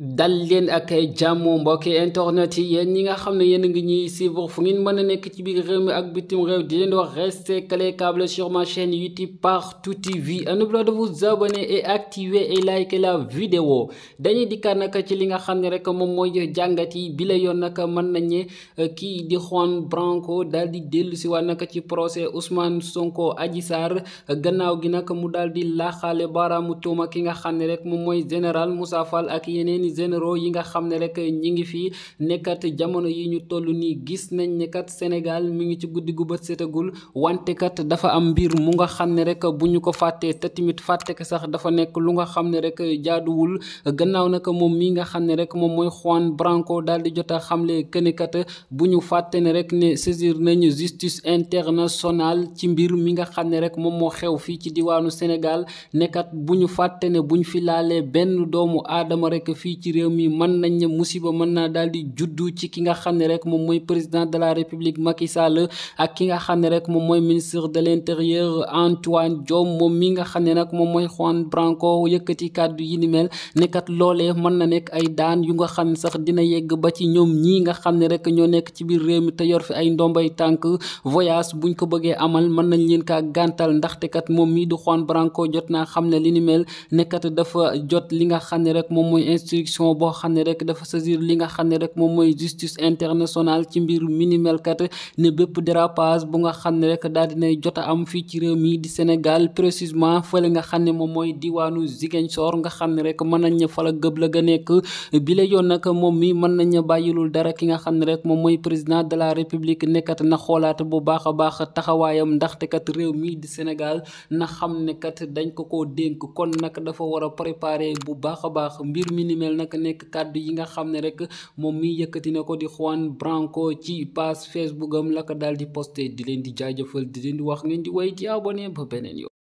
dal leen ak jàmm mbokki internet yi yéen ñi nga xam ne yéen a ngi ñuy suivre fu ngeen mën a nekk ci biir réew mi ak bitim réew di leen wax restez calé câble sur ma chaîne YouTube Partout TV n'oubliez pas de vous abonner et activer et liker la vidéo dañuy dikkaat nag ci li nga xam ne rek moom mooy jàngat yi bi yoon nag mën nañu kii di Juan Branco daal di dellu si waat nag ci procès Ousmane Sonko Adji Sarr gannaaw gi nag mu daal di laaxaale baaraamu tuuma ki nga xam ne rek moom mooy général musaafal ak yeneen généraux yi nga xam ne rek ñi ngi fii nekkat jamono yi ñu toll nii gis nañ ne kat Sénégal mu ngi ci guddi gu bët setagul wante kat dafa am mbir mu nga xam ne rek bu ñu ko fàttee te tamit fàtte ko sax dafa nekk lu nga xam ne rek jaaduwul gannaaw nag moom mii nga xam ne rek moom mooy Juan Branco daal di jot a xamle këne kat bu ñu fàtte ne rek ne saisir nañu justice internationale ci mbir mi nga xam ne rek moom moo xew fii ci diwaanu Sénégal nekkat bu ci réew mi mën nañ ne musiba mën naa daal di juddu ci ki nga xam ne rek moom mooy président de la république Macky Sall ak ki nga xam ne rek moom mooy ministre de l'intérieur Antoine Diome moom mi nga xam ne nag moom mooy Juan Branco yëkkati kàddu yi ni mel nekkat loolee mën na nekk ay daan yu nga xam ne sax dina yegg ba ci ñoom ñii nga xam ne rek ñoo nekk ci biir réew mi te yor fi ay ndombay tànk voyage buñ ko bëggee amal mën nañ leen kaa gantal ndaxte kat moom mii du Juan Branco jot naa xam ne li ni mel nekkat dafa jot li nga xam ne rek moom mooy juridiction boo xam ne rek dafa saisir li nga xam ne rek moom mooy justice internationale ci mbir minimal kat ne bépp dérapage bu nga xam ne rek daal dinay jot a am fii ci réew mi di Sénégal nga xam ne moom mooy diwaanu Ziguinchor nga xam ne rek mën nañ ne fala gëb la ga nekk bi la yoon nag moom mi mën nañ ne dara ki nga xam ne rek moom mooy président de la république nekkat na xoolaat bu baax a baax taxawaayam ndaxte kat réew mi di Sénégal na xam ne dañ ko koo dénk kon nag dafa war a préparer bu baax a baax mbir minimal ñeel nag nekk kàddu yi nga xam ne rek moom mi yëkkati na ko di Juan Branco ci page Facebook am la ko daal di posté di leen di jaajëfal di leen di wax ngeen di way di abonné ba beneen yoon